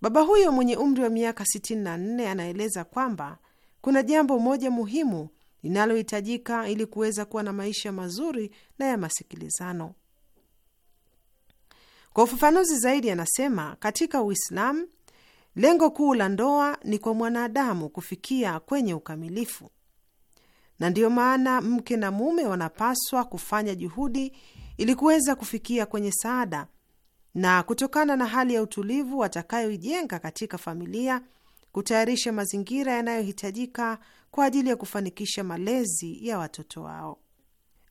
Baba huyo mwenye umri wa miaka 64 anaeleza kwamba kuna jambo moja muhimu linalohitajika ili kuweza kuwa na maisha mazuri na ya masikilizano. Kwa ufafanuzi zaidi, anasema katika Uislamu lengo kuu la ndoa ni kwa mwanadamu kufikia kwenye ukamilifu na ndiyo maana mke na mume wanapaswa kufanya juhudi ili kuweza kufikia kwenye saada, na kutokana na hali ya utulivu watakayoijenga katika familia, kutayarisha mazingira yanayohitajika kwa ajili ya kufanikisha malezi ya watoto wao.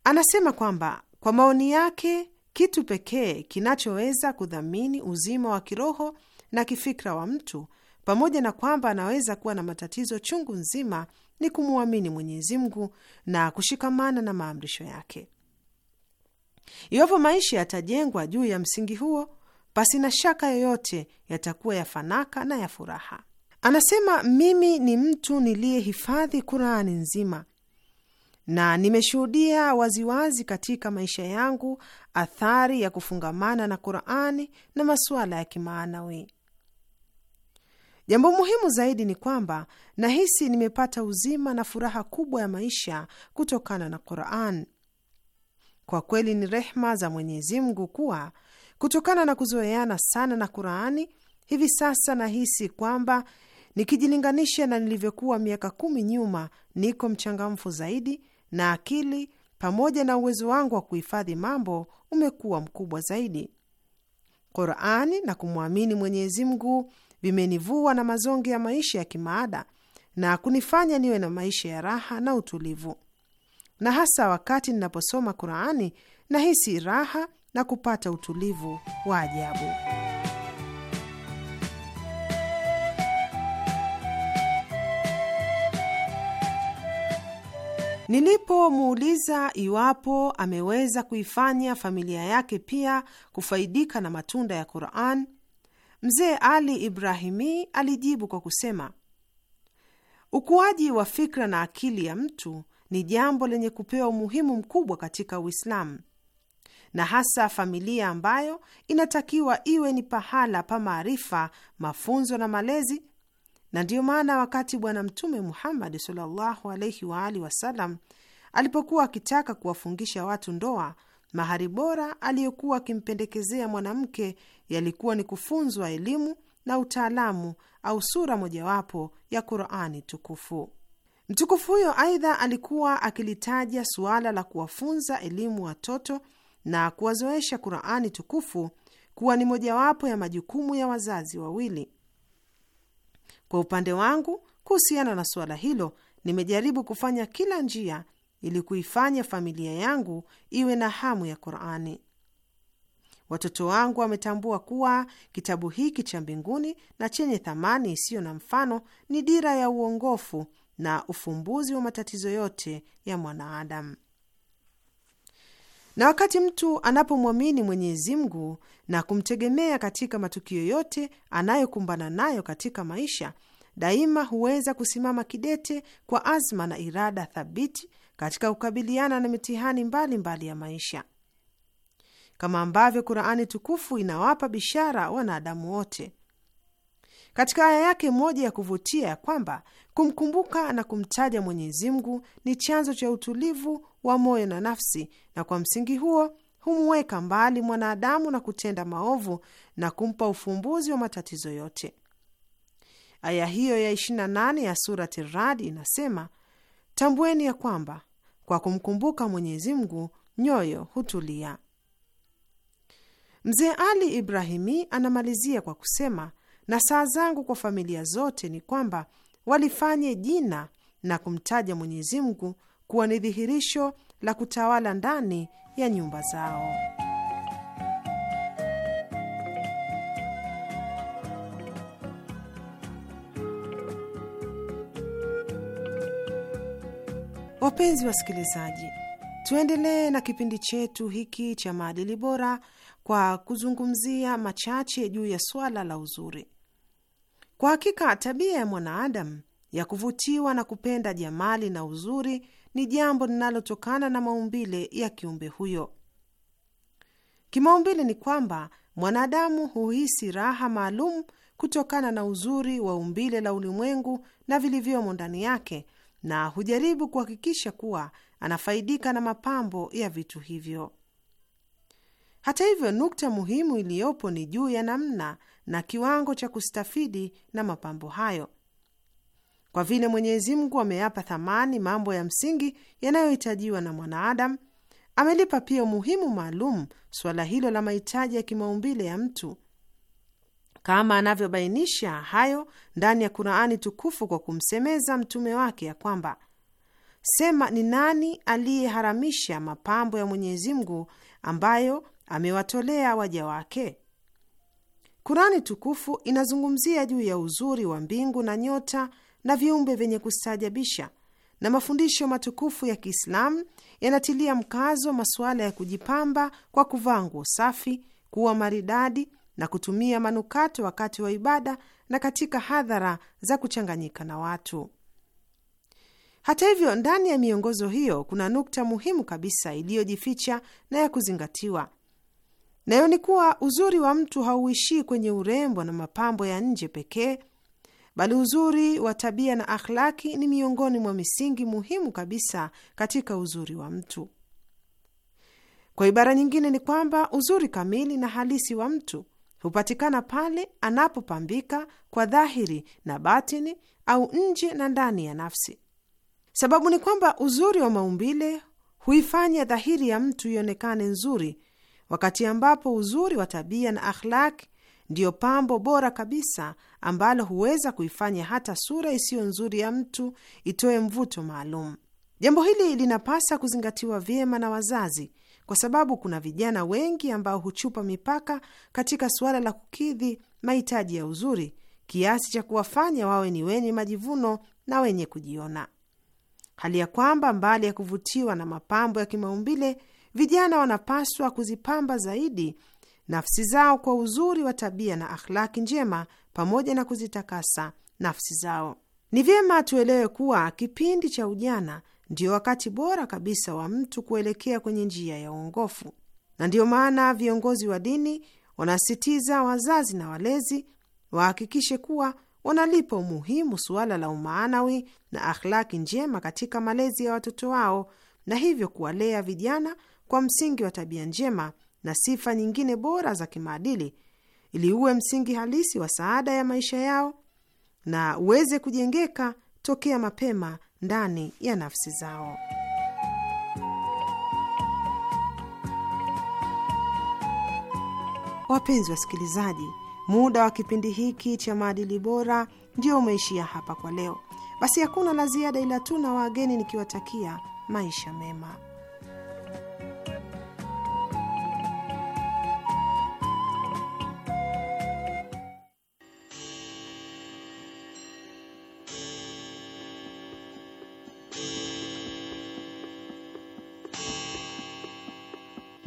Anasema kwamba kwa maoni yake, kitu pekee kinachoweza kudhamini uzima wa kiroho na kifikra wa mtu, pamoja na kwamba anaweza kuwa na matatizo chungu nzima ni kumwamini Mwenyezi Mungu na kushikamana na maamrisho yake. Iwapo maisha yatajengwa juu ya msingi huo, na shaka yoyote yatakuwa ya fanaka na ya furaha. Anasema, mimi ni mtu niliyehifadhi Kurani nzima na nimeshuhudia waziwazi katika maisha yangu athari ya kufungamana na Qurani na masuala ya kimaanawi. Jambo muhimu zaidi ni kwamba nahisi nimepata uzima na furaha kubwa ya maisha kutokana na Quran. Kwa kweli ni rehma za Mwenyezi Mungu kuwa kutokana na kuzoeana sana na Qurani, hivi sasa nahisi kwamba nikijilinganisha na nilivyokuwa miaka kumi nyuma, niko mchangamfu zaidi na akili pamoja na uwezo wangu wa kuhifadhi mambo umekuwa mkubwa zaidi. Qurani na kumwamini Mwenyezi Mungu vimenivua na mazonge ya maisha ya kimaada na kunifanya niwe na maisha ya raha na utulivu, na hasa wakati ninaposoma Qurani nahisi raha na kupata utulivu wa ajabu. Nilipomuuliza iwapo ameweza kuifanya familia yake pia kufaidika na matunda ya Quran, Mzee Ali Ibrahimi alijibu kwa kusema, ukuaji wa fikra na akili ya mtu ni jambo lenye kupewa umuhimu mkubwa katika Uislamu na hasa familia ambayo inatakiwa iwe ni pahala pa maarifa, mafunzo na malezi. Na ndiyo maana wakati Bwana Mtume Muhammadi sallallahu alaihi waalihi wasalam alipokuwa akitaka kuwafungisha watu ndoa Mahari bora aliyokuwa akimpendekezea mwanamke yalikuwa ni kufunzwa elimu na utaalamu au sura mojawapo ya Qurani tukufu. Mtukufu huyo aidha alikuwa akilitaja suala la kuwafunza elimu watoto na kuwazoesha Qurani tukufu kuwa ni mojawapo ya majukumu ya wazazi wawili. Kwa upande wangu, kuhusiana na suala hilo, nimejaribu kufanya kila njia ili kuifanya familia yangu iwe na hamu ya Qurani. Watoto wangu wametambua kuwa kitabu hiki cha mbinguni na chenye thamani isiyo na mfano ni dira ya uongofu na ufumbuzi wa matatizo yote ya mwanaadamu. Na wakati mtu anapomwamini Mwenyezi Mungu na kumtegemea katika matukio yote anayokumbana nayo katika maisha, daima huweza kusimama kidete kwa azma na irada thabiti katika kukabiliana na mitihani mbalimbali mbali ya maisha, kama ambavyo Qurani tukufu inawapa bishara wanadamu wote katika aya yake moja ya kuvutia ya kwamba kumkumbuka na kumtaja Mwenyezi Mungu ni chanzo cha utulivu wa moyo na nafsi, na kwa msingi huo humweka mbali mwanadamu na kutenda maovu na kumpa ufumbuzi wa matatizo yote. Aya hiyo ya 28 ya surati Radi inasema Tambueni ya kwamba kwa kumkumbuka Mwenyezi Mungu nyoyo hutulia. Mzee Ali Ibrahimi anamalizia kwa kusema, na saa zangu kwa familia zote ni kwamba walifanye jina na kumtaja Mwenyezi Mungu kuwa ni dhihirisho la kutawala ndani ya nyumba zao. Wapenzi wasikilizaji, tuendelee na kipindi chetu hiki cha maadili bora kwa kuzungumzia machache juu ya swala la uzuri. Kwa hakika tabia ya mwanaadamu ya kuvutiwa na kupenda jamali na uzuri ni jambo linalotokana na maumbile ya kiumbe huyo. Kimaumbile ni kwamba mwanadamu huhisi raha maalum kutokana na uzuri wa umbile la ulimwengu na vilivyomo ndani yake, na hujaribu kuhakikisha kuwa anafaidika na mapambo ya vitu hivyo. Hata hivyo, nukta muhimu iliyopo ni juu ya namna na kiwango cha kustafidi na mapambo hayo, kwa vile Mwenyezi Mungu ameyapa thamani mambo ya msingi yanayohitajiwa na mwanaadam Amelipa pia umuhimu maalum suala hilo la mahitaji ya kimaumbile ya mtu kama anavyobainisha hayo ndani ya Qurani tukufu kwa kumsemeza mtume wake ya kwamba Sema, ni nani aliyeharamisha mapambo ya Mwenyezi Mungu ambayo amewatolea waja wake? Kurani tukufu inazungumzia juu ya uzuri wa mbingu na nyota na viumbe vyenye kustaajabisha, na mafundisho matukufu ya Kiislamu yanatilia mkazo masuala ya kujipamba kwa kuvaa nguo safi, kuwa maridadi na kutumia manukato wakati wa ibada na katika hadhara za kuchanganyika na watu. Hata hivyo, ndani ya miongozo hiyo kuna nukta muhimu kabisa iliyojificha na ya kuzingatiwa, nayo ni kuwa uzuri wa mtu hauishii kwenye urembo na mapambo ya nje pekee, bali uzuri wa tabia na akhlaki ni miongoni mwa misingi muhimu kabisa katika uzuri wa mtu. Kwa ibara nyingine, ni kwamba uzuri kamili na halisi wa mtu hupatikana pale anapopambika kwa dhahiri na batini au nje na ndani ya nafsi. Sababu ni kwamba uzuri wa maumbile huifanya dhahiri ya mtu ionekane nzuri, wakati ambapo uzuri wa tabia na akhlaki ndiyo pambo bora kabisa ambalo huweza kuifanya hata sura isiyo nzuri ya mtu itoe mvuto maalum. Jambo hili linapasa kuzingatiwa vyema na wazazi kwa sababu kuna vijana wengi ambao huchupa mipaka katika suala la kukidhi mahitaji ya uzuri kiasi cha kuwafanya wawe ni wenye majivuno na wenye kujiona, hali ya kwamba mbali ya kuvutiwa na mapambo ya kimaumbile, vijana wanapaswa kuzipamba zaidi nafsi zao kwa uzuri wa tabia na akhlaki njema, pamoja na kuzitakasa nafsi zao. Ni vyema tuelewe kuwa kipindi cha ujana ndio wakati bora kabisa wa mtu kuelekea kwenye njia ya uongofu, na ndiyo maana viongozi wa dini wanasisitiza wazazi na walezi wahakikishe kuwa wanalipa umuhimu suala la umaanawi na akhlaki njema katika malezi ya watoto wao, na hivyo kuwalea vijana kwa msingi wa tabia njema na sifa nyingine bora za kimaadili, ili uwe msingi halisi wa saada ya maisha yao na uweze kujengeka tokea mapema ndani ya nafsi zao. Wapenzi wasikilizaji, muda wa kipindi hiki cha maadili bora ndio umeishia hapa kwa leo. Basi hakuna la ziada, ila tu na wageni nikiwatakia maisha mema.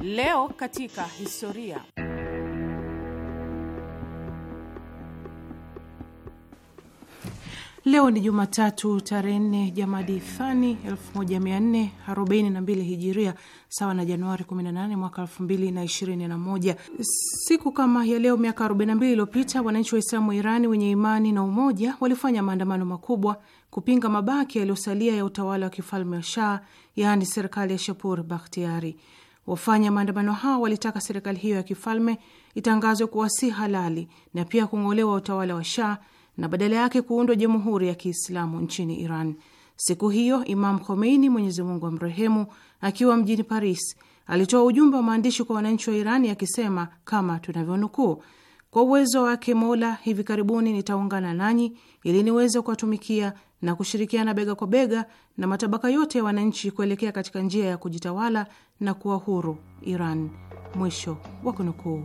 Leo katika historia. Leo ni Jumatatu tarehe 4 Jamadi Thani 1442 Hijiria, sawa na Januari 18 mwaka 2021. Siku kama ya leo miaka 42 iliyopita, wananchi wa Islamu wa Irani wenye imani na umoja walifanya maandamano makubwa kupinga mabaki yaliyosalia ya utawala wa kifalme wa Shah, yaani serikali ya Shapur Bakhtiari. Wafanya maandamano hao walitaka serikali hiyo ya kifalme itangazwe kuwa si halali na pia kung'olewa utawala wa Shah na badala yake kuundwa jamhuri ya Kiislamu nchini Iran. Siku hiyo Imam Khomeini, Mwenyezi Mungu amrehemu, akiwa mjini Paris alitoa ujumbe wa maandishi kwa wananchi wa Irani akisema kama tunavyonukuu: kwa uwezo wake Mola, hivi karibuni nitaungana nanyi ili niweze kuwatumikia na kushirikiana bega kwa bega na matabaka yote ya wananchi kuelekea katika njia ya kujitawala na kuwa huru Iran. Mwisho wa kunukuu.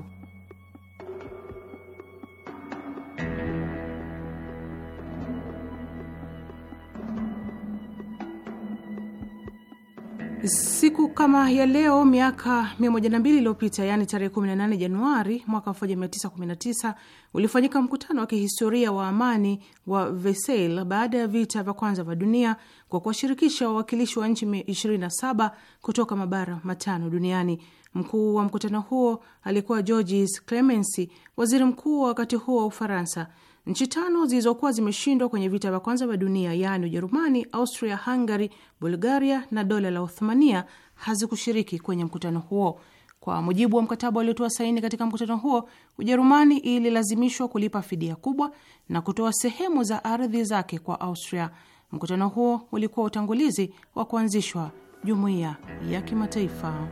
Siku kama ya leo miaka 102 iliyopita, yaani tarehe 18 Januari mwaka 1919 ulifanyika mkutano wa kihistoria wa amani wa Versailles baada ya vita vya kwanza vya dunia kwa kuwashirikisha wawakilishi wa nchi 27 kutoka mabara matano duniani. Mkuu wa mkutano huo alikuwa Georges Clemenceau, waziri mkuu wa wakati huo wa Ufaransa. Nchi tano zilizokuwa zimeshindwa kwenye vita vya kwanza vya dunia, yaani Ujerumani, Austria Hungary, Bulgaria na dola la Uthmania hazikushiriki kwenye mkutano huo. Kwa mujibu wa mkataba waliotoa saini katika mkutano huo, Ujerumani ililazimishwa kulipa fidia kubwa na kutoa sehemu za ardhi zake kwa Austria. Mkutano huo ulikuwa utangulizi wa kuanzishwa jumuiya ya kimataifa.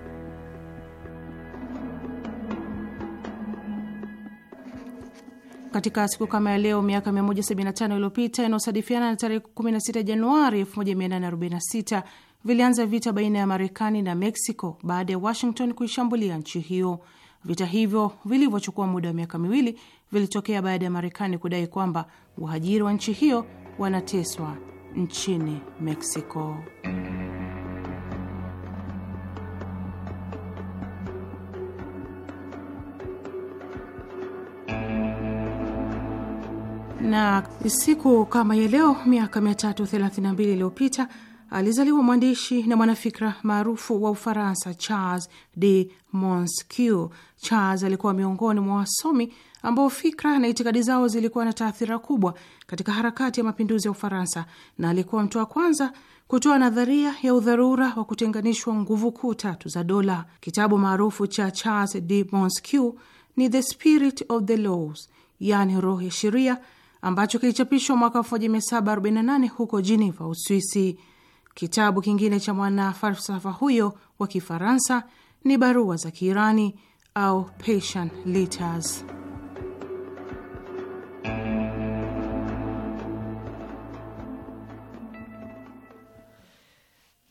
katika siku kama ya leo miaka 175 iliyopita inayosadifiana na tarehe 16 Januari 1846 vilianza vita baina ya Marekani na Mexico baada ya Washington kuishambulia nchi hiyo. Vita hivyo vilivyochukua muda wa miaka miwili vilitokea baada ya Marekani kudai kwamba wahajiri wa nchi hiyo wanateswa nchini Mexico. na siku kama ya leo miaka 332 iliyopita alizaliwa mwandishi na mwanafikra maarufu wa Ufaransa Charles de Montesquieu. Charles alikuwa miongoni mwa wasomi ambao fikra na itikadi zao zilikuwa na taathira kubwa katika harakati ya mapinduzi ya Ufaransa, na alikuwa mtu wa kwanza kutoa nadharia ya udharura wa kutenganishwa nguvu kuu tatu za dola. Kitabu maarufu cha Charles de Montesquieu ni The Spirit of the Laws, yaani roho ya sheria ambacho kilichapishwa mwaka 1748 huko Geneva, Uswisi. Kitabu kingine cha mwana falsafa huyo wa Kifaransa ni barua za Kiirani au Persian Letters.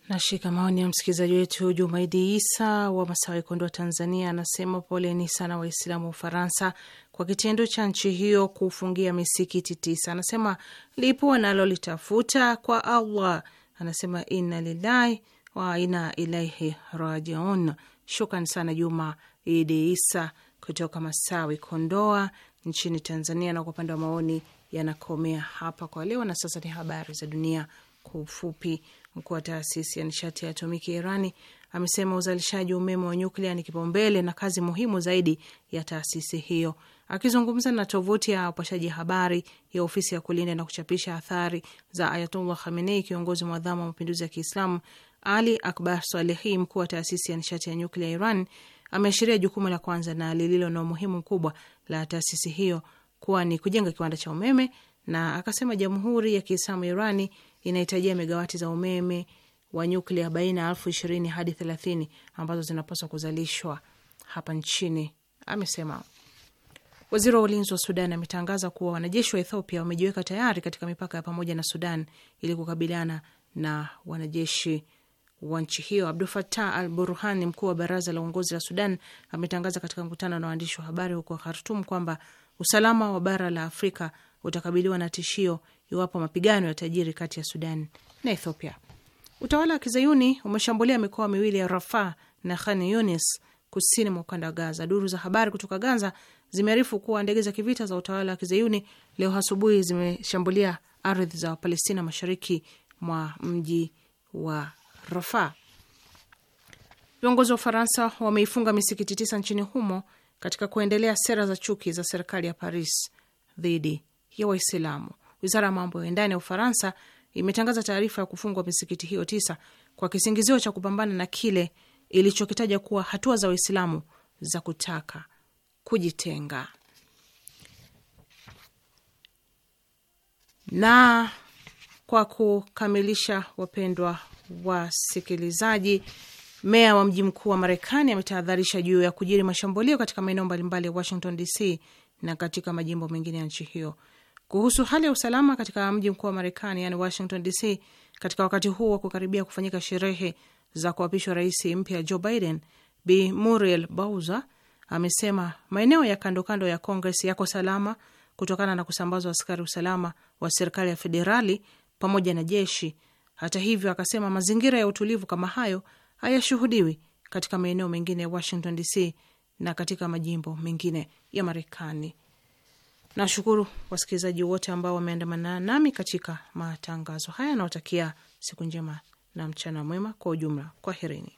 Nashika maoni ya msikilizaji wetu Jumaidi Isa wa masawa Kondoa, Tanzania, anasema poleni sana Waislamu wa Ufaransa kwa kitendo cha nchi hiyo kufungia misikiti tisa. Anasema lipo wanalolitafuta kwa Allah. Anasema inna lillahi wa inna ilaihi rajiun. Shukran sana Juma Idi Isa kutoka Masawi, Kondoa nchini Tanzania. Na kwa upande wa maoni yanakomea hapa kwa leo, na sasa ni habari za dunia kwa ufupi. Mkuu wa taasisi ya nishati ya atomiki Irani amesema uzalishaji umeme wa nyuklia ni kipaumbele na kazi muhimu zaidi ya taasisi hiyo. Akizungumza na tovuti ya wapashaji habari ya ofisi ya kulinda na kuchapisha athari za Ayatullah Khamenei, kiongozi mwadhamu wa mapinduzi ya Kiislamu, Ali Akbar Salehi, mkuu wa taasisi ya nishati ya nyuklia Iran, ameashiria jukumu la kwanza na lililo na umuhimu mkubwa la taasisi hiyo kuwa ni kujenga kiwanda cha umeme, na akasema jamhuri ya Kiislamu Irani inahitajia megawati za umeme wa nyuklia baina ya elfu ishirini hadi thelathini ambazo zinapaswa kuzalishwa hapa nchini, amesema. Waziri wa ulinzi wa Sudan ametangaza kuwa wanajeshi wa Ethiopia wamejiweka tayari katika mipaka ya pamoja na Sudan ili kukabiliana na wanajeshi wa nchi hiyo. Abdul Fatah al Burhan, mkuu wa baraza la uongozi la Sudan, ametangaza katika mkutano na waandishi wa habari huko Khartum kwamba usalama wa bara la Afrika utakabiliwa na tishio iwapo mapigano ya tajiri kati ya Sudan na Ethiopia. Utawala wa kizayuni umeshambulia mikoa miwili ya Rafaa na Khan Yunis kusini mwa ukanda wa Gaza. Duru za habari kutoka Gaza zimearifu kuwa ndege za kivita za utawala wa kizayuni leo asubuhi zimeshambulia ardhi za Wapalestina mashariki mwa mji wa Rafa. Viongozi wa Ufaransa wameifunga misikiti tisa nchini humo katika kuendelea sera za chuki za serikali ya Paris dhidi ya Waislamu. Wizara ya mambo ya ndani ya Ufaransa imetangaza taarifa ya kufungwa misikiti hiyo tisa kwa kisingizio cha kupambana na kile ilichokitaja kuwa hatua za Waislamu za kutaka kujitenga. Na kwa kukamilisha, wapendwa wasikilizaji, meya wa mji mkuu wa Marekani ametahadharisha juu ya kujiri mashambulio katika maeneo mbalimbali ya Washington DC na katika majimbo mengine ya nchi hiyo kuhusu hali ya usalama katika mji mkuu wa Marekani, yani Washington DC, katika wakati huu wa kukaribia kufanyika sherehe za kuapishwa rais mpya Joe Biden, Bi Muriel Bowser amesema maeneo ya kando kando ya Congress yako salama kutokana na kusambazwa askari usalama wa serikali ya federali pamoja na jeshi. Hata hivyo, akasema mazingira ya utulivu kama hayo hayashuhudiwi katika maeneo mengine ya Washington DC na katika majimbo mengine ya Marekani. Nashukuru wasikilizaji wote ambao wameandamana nami katika matangazo haya. Nawatakia siku njema na mchana mwema kwa ujumla. Kwaherini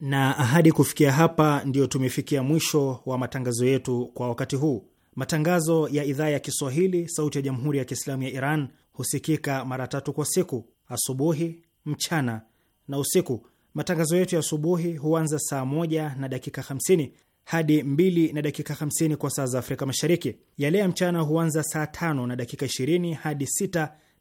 na ahadi. Kufikia hapa, ndiyo tumefikia mwisho wa matangazo yetu kwa wakati huu. Matangazo ya idhaa ya Kiswahili sauti ya jamhuri ya Kiislamu ya Iran husikika mara tatu kwa siku: asubuhi, mchana na usiku. Matangazo yetu ya asubuhi huanza saa moja na dakika hamsini hadi 2 na dakika hamsini kwa saa za Afrika Mashariki. Yale ya mchana huanza saa tano na dakika ishirini hadi sita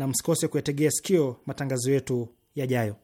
na msikose kuyategea sikio matangazo yetu yajayo.